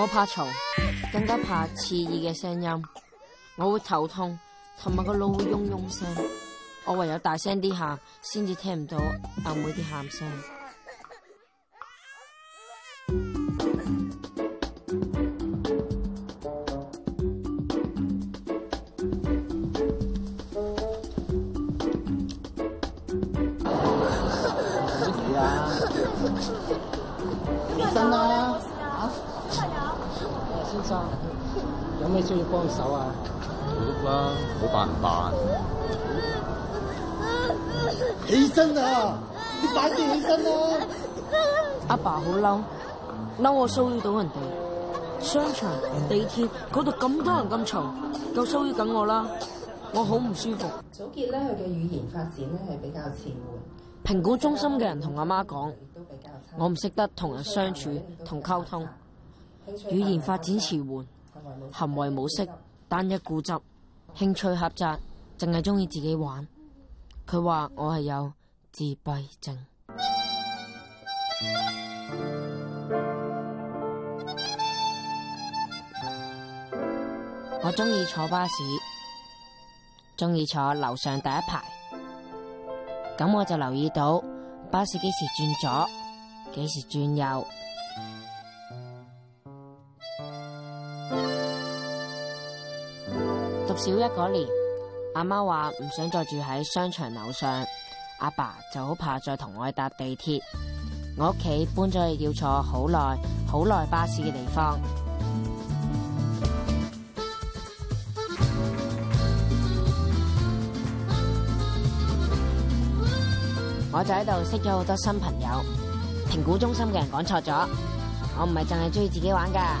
我怕嘈，更加怕刺耳嘅聲音，我會頭痛，同埋個腦會嗡嗡聲。我唯有大聲啲喊，先至聽唔到阿妹啲喊聲。 有咩需要幫手啊？屈啦，冇辦法。起身啊！你快啲起身啊。阿爸好嬲，嬲我騷擾到人哋。商場、地鐵嗰度咁多人咁嘈，夠騷擾緊我啦，我好唔舒服。祖傑咧，佢嘅語言發展咧係比較遲緩。評估中心嘅人同阿媽講，都比較我唔識得同人相處同溝通。語言發展遲緩，行為模式單一固執，興趣狹窄，淨係中意自己玩。佢話我係有自閉症。 我中意坐巴士，中意坐樓上第一排。咁我就留意到巴士幾時轉左，幾時轉右。小一嗰年，阿媽話唔想再住喺商場樓上，阿爸就好怕再同我搭地鐵，我屋企搬咗去要坐好耐好耐巴士嘅地方。 我就喺度識咗好多新朋友。評估中心嘅人講錯咗，我唔係淨係中意自己玩噶。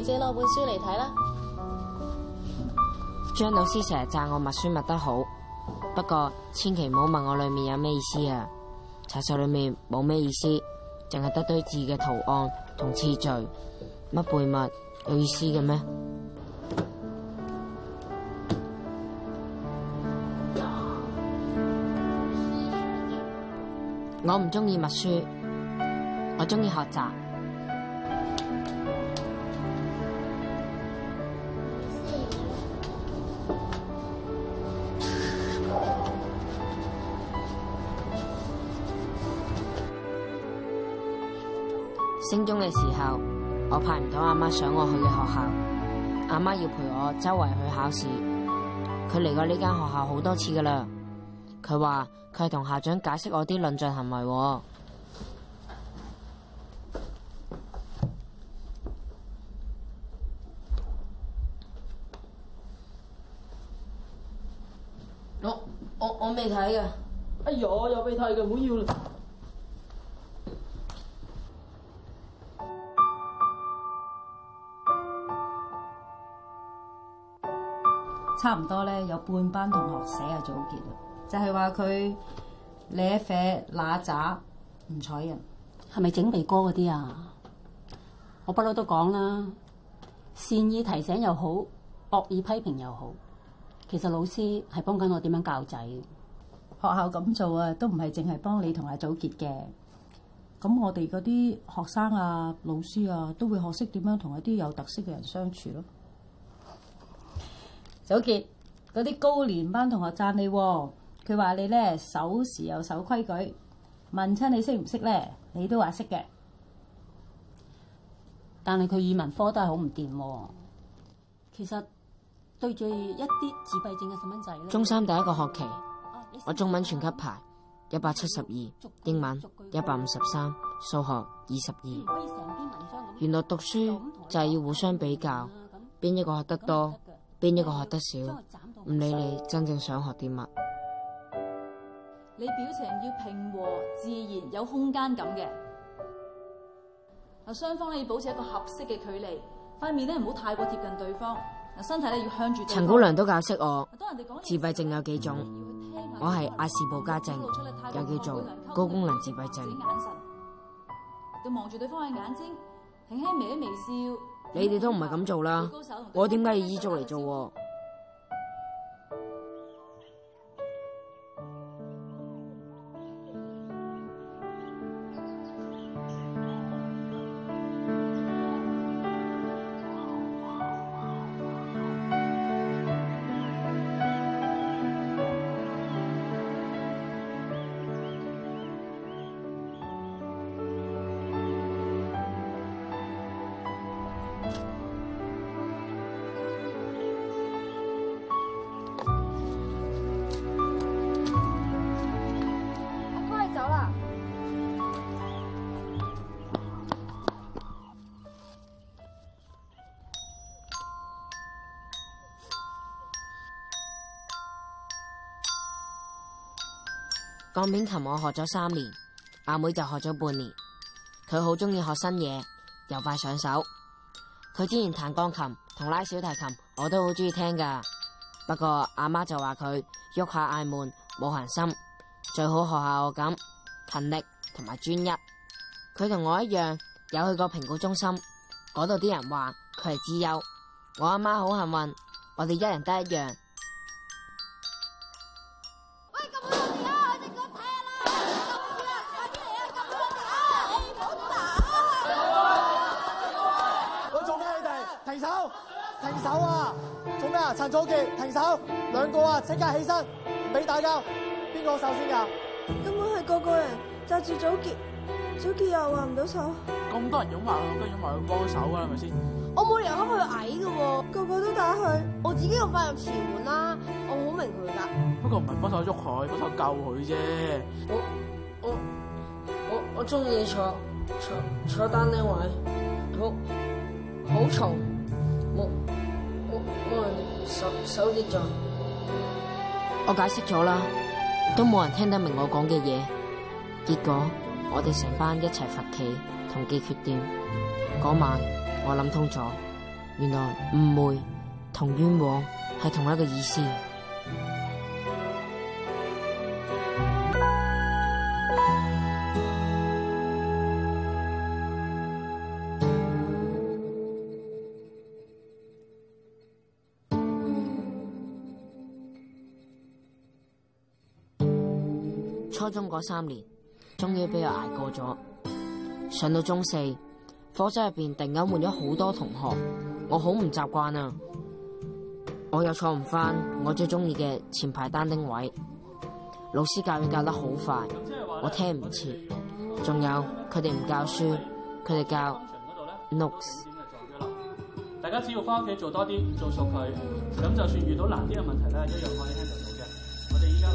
或者攞本書嚟睇啦。張老師成日贊我默書默得好，不過千祈唔好問我裏面有咩意思啊！查實裏面冇咩意思，淨係得堆字嘅圖案同次序，乜背默有意思嘅咩？我唔中意默書，我中意學習。嘅時候，我派唔到阿媽，想我去嘅學校，阿媽要陪我周圍去考試。佢嚟過呢間學校好多次噶啦。佢話佢係同校長解釋我啲論盡行為。我我我未睇啊！哎呀，又未睇噶，唔要。差唔多咧，有半班同學寫啊，祖傑啦，就係話佢呢啡乸渣唔睬人，係咪整鼻哥嗰啲啊？我不嬲都講啦，善意提醒又好，惡意批評又好，其實老師係幫緊我點樣教仔。學校咁做啊，都唔係淨係幫你同阿祖傑嘅。咁我哋嗰啲學生啊，老師啊，都會學識點樣同一啲有特色嘅人相處咯。祖傑，嗰啲高年班同學讚你，佢話你咧守時又守規矩。問親你識唔識咧，你都話識嘅。但係佢語文科都係好唔掂。其實對住一啲自閉症嘅細蚊仔，中三第一個學期，我中文全級排一百七十二，英文一百五十三，數學二十二。原來讀書就係要互相比較，邊一個學得多，邊一個學得少？唔理你真正想學啲乜。你表情要平和自然，有空間感嘅。嗱，雙方咧要保持一個合適嘅距離，塊面咧唔好太過貼近對方。嗱，身體咧要向住。陳姑娘都教識我。人自閉症有幾種？我係亞氏保加症，又叫做高功能自閉症。要望住對方嘅眼睛，輕輕微微笑。 你哋都唔係咁做啦，我點解要依足嚟做啊？鋼面琴我學咗三年，阿妹就學咗半年。佢好鍾意學新嘢，又快上手。佢之前彈鋼琴同拉小提琴，我都好鍾意聽㗎。不過阿媽，媽就話佢喐下嗌悶，冇恒心，最好學下我咁勤力同埋專一。佢同我一樣有去過評估中心，嗰度啲人話佢係資優。我阿媽好幸運，我哋一人得一樣。起身，你打交，邊個手先噶？根本係個個人抓住祖傑，祖傑又話唔到手。咁多人擁埋，佢，都擁埋去幫手啦，係咪先？我冇理由去佢矮噶，個個都打佢，我自己又放入池換啦，我好明佢噶、嗯。不過唔係幫手喐，佢，幫手救佢啫。我我我我中意坐坐坐單呢位，好好嘈，我我我係手，手跌咗。我解釋咗啦，都冇人聽得明我講嘅嘢。結果我哋成班一齊罰企同記缺點。嗰晚我諗通咗，原來誤會同冤枉係同一個意思。高中嗰三年，終於俾我捱過咗。上到中四，課室入邊突然間換咗好多同學，我好唔習慣啊！我又坐唔翻我最中意嘅前排單丁位，老師教佢教得好快，我聽唔切。仲有佢哋唔教書，佢哋教 notes。大家只要翻屋企做多啲做數佢。咁就算遇到難啲嘅問題咧，一樣可以聽得到嘅。我哋依家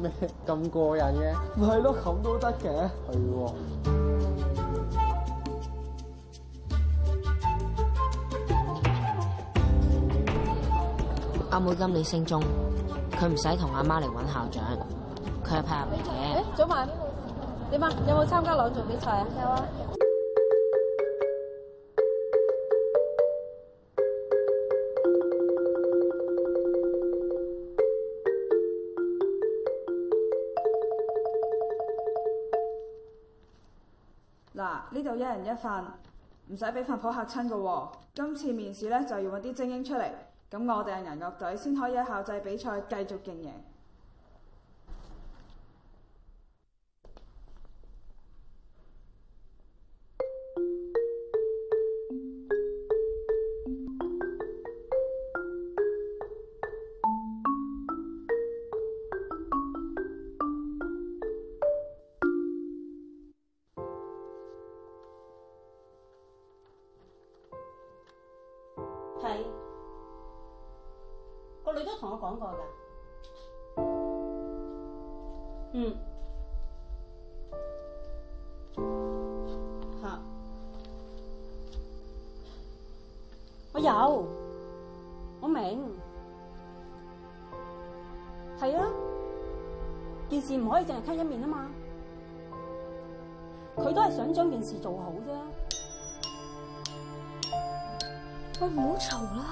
咩咁過癮嘅？唔係咯，咁都得嘅。係喎，阿妹今年升中，佢唔使同阿媽嚟揾校長，佢係派入嚟嘅。誒，祖曼，點啊？有冇參加朗誦比賽啊？有啊。就一人一份，唔使俾飯鋪吓親噶。今次面試咧就要揾啲精英出嚟，咁我哋係銀樂隊，先可以喺校際比賽繼續競贏。個女都同我講過噶，嗯，吓、啊，我有，我明，係啊，件事唔可以淨係睇一面啊嘛，佢都係想將件事做好啫。喂，唔好嘈啦！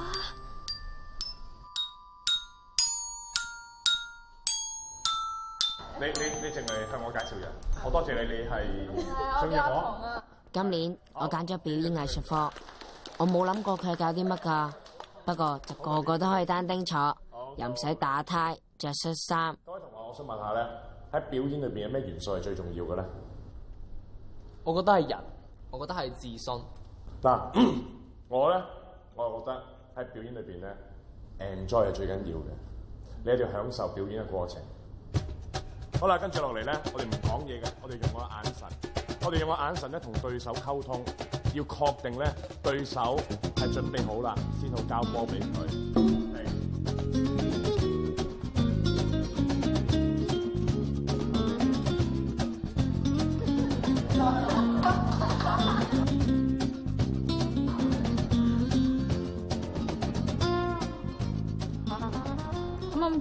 你你你淨係向我介紹人，好多謝你。你係張若可。今年我揀咗表演藝術科，我冇諗過佢係教啲乜噶。不過就個個都可以單丁坐，okay，又唔使打呔，着恤衫。各位同學，我想問下咧，喺表演裏邊有咩元素係最重要嘅咧？我覺得係人，我覺得係自信。嗱， 我咧。我覺得喺表演裏邊咧，enjoy 係最緊要嘅。你一定要享受表演嘅過程。嗯、好啦，跟住落嚟咧，我哋唔講嘢嘅，我哋用我眼神，我哋用我眼神咧同對手溝通，要確定咧對手係準備好啦，先好交波俾佢。係。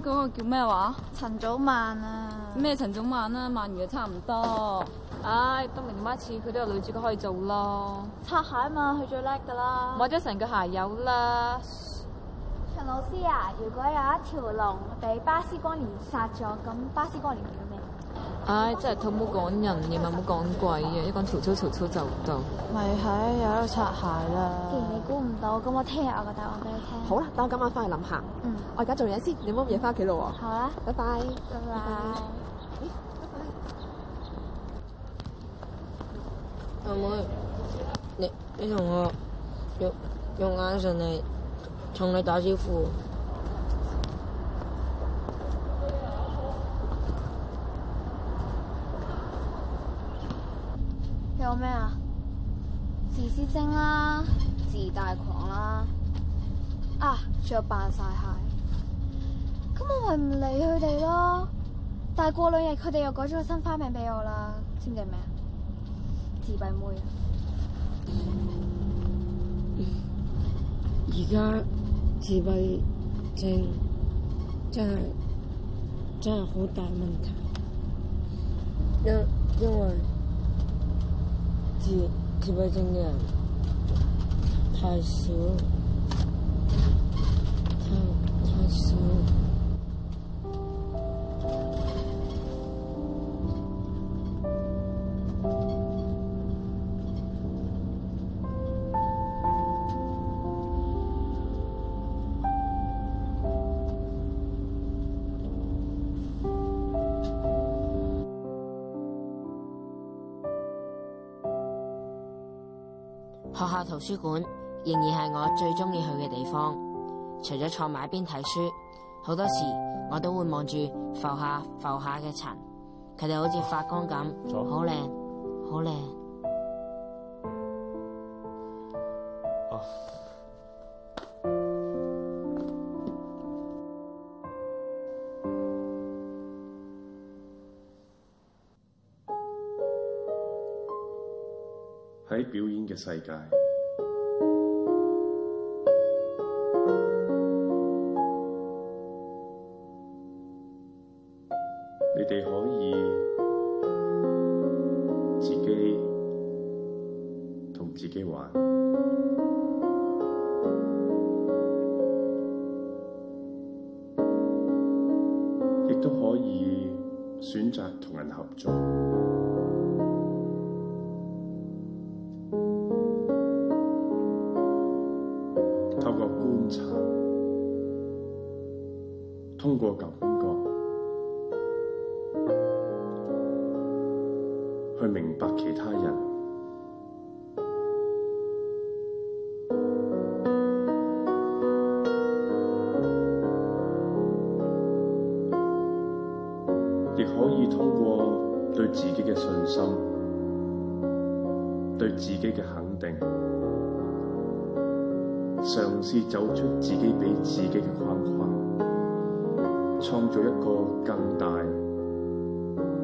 嗰個叫咩話？陳祖曼啊？咩陳祖曼啊？曼如啊，差唔多。唉、哎，得零孖次，佢都有女主角可以做咯。擦鞋嘛，佢最叻㗎啦。抹咗成個鞋油啦。陳老師啊，如果有一條龍俾巴斯光年殺咗，咁巴斯光年點？唉、哎，真係冇講人，亦冇講鬼嘅，一講曹操，曹操就到。咪係，又喺度擦鞋啦。既然你估唔到，咁我聽日我個答案俾你聽。好啦，等我今晚翻去諗下。嗯。我而家做嘢先，你唔好夜翻屋企咯喎。好啦，拜拜，拜拜。拜拜。有冇？你啲同學用用眼神嚟同你打招呼。啦，自大狂啦，啊，仲要扮晒蟹，咁我咪唔理佢哋咯。但係過兩日佢哋又改咗個新花名俾我啦，知唔知咩啊？自閉妹。而家自閉症真係真係好大問題。因因為自自閉症嘅人，太少，學校圖書館。仍然係我最鍾意去嘅地方，除咗坐埋一邊睇書，好多時我都會望住浮下浮下嘅塵，佢哋好似發光咁，好靚下，好靚。喺、啊、 表演嘅世界。通過感覺去明白其他人，亦可以通過對自己嘅信心、對自己嘅肯定，嘗試走出自己畀自己嘅框框。創造一個更大、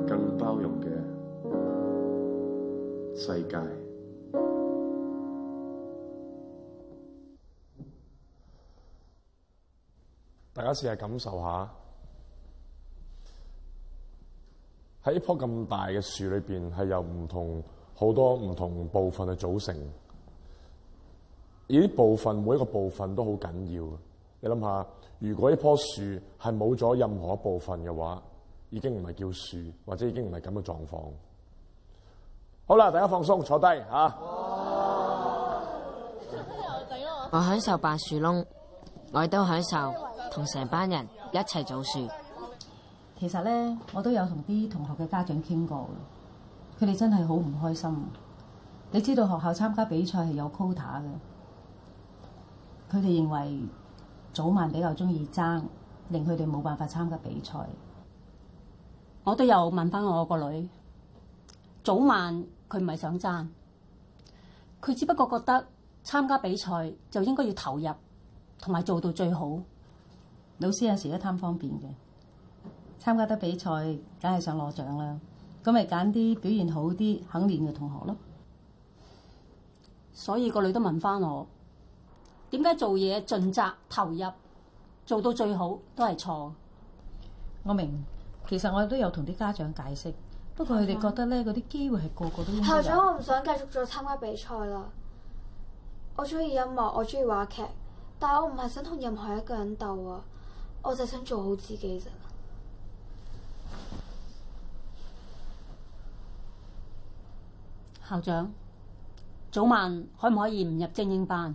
更包容嘅世界。大家試下感受下，喺一棵咁大嘅樹裏邊，係由唔同好多唔同部分去組成。而呢部分，每一個部分都好緊要。你諗下，如果一棵樹係冇咗任何一部分嘅話，已經唔係叫樹，或者已經唔係咁嘅狀況。好啦，大家放鬆坐低吓。啊、哇我享受拔樹窿，我亦都享受同成班人一齊做樹。其實咧，我都有同啲同學嘅家長傾過，佢哋真係好唔開心。你知道學校參加比賽係有 quota 嘅，佢哋認為。早晚比較中意爭，令佢哋冇辦法參加比賽。我都有問翻我個女，早晚佢唔係想爭，佢只不過覺得參加比賽就應該要投入，同埋做到最好。老師有時都貪方便嘅，參加得比賽梗係想攞獎啦，咁咪揀啲表現好啲、肯練嘅同學咯。所以個女都問翻我。點解做嘢盡責投入做到最好都係錯？我明，其實我都有同啲家長解釋，不過佢哋覺得咧嗰啲機會係個個都冇。校長，我唔想繼續再參加比賽啦。我中意音樂，我中意話劇，但係我唔係想同任何一個人鬥啊！我就係想做好自己啫。校長，早晚可唔可以唔入精英班？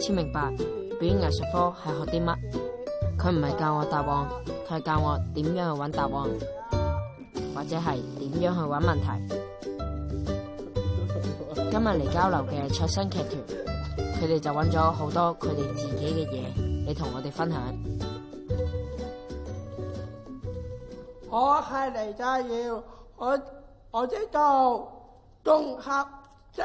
先明白表演藝術科係學啲乜？佢唔係教我答案，佢係教我點樣去揾答案，或者係點樣去揾問題。 今日嚟交流嘅卓新劇團，佢哋就揾咗好多佢哋自己嘅嘢，你同我哋分享。 我係黎家耀，我我知道，仲合仔。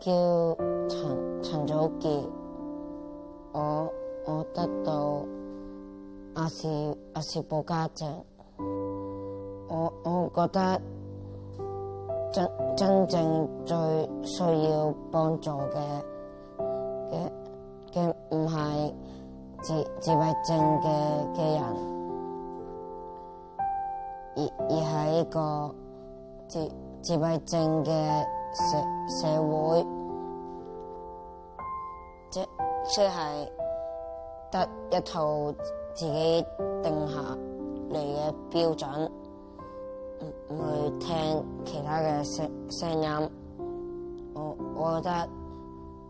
叫陳陳祖傑，我我得到阿士阿士保加症，我我覺得真真正最需要幫助嘅嘅嘅唔係自自閉症嘅嘅人，而而係一個自自閉症嘅。社社會即即係得一套自己定下嚟嘅標準，唔唔去聽其他嘅聲聲音。我我覺得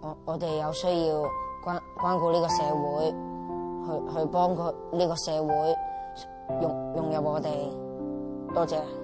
我我哋有需要關關顧呢個社會，去去幫佢呢個社會融融入我哋。多謝。